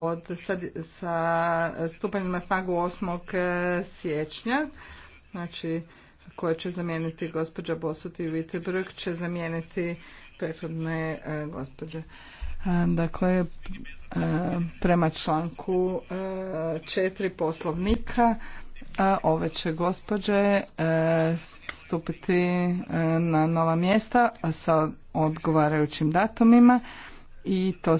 od sa, sa stupanjem na snagu 8. E, siječnja, znači koje će zamijeniti gospođa Bosut i Vitebrg će zamijeniti prethodne e, gospođe. E, dakle, prema članku četiri poslovnika ove će gospođe stupiti na nova mjesta sa odgovarajućim datumima i to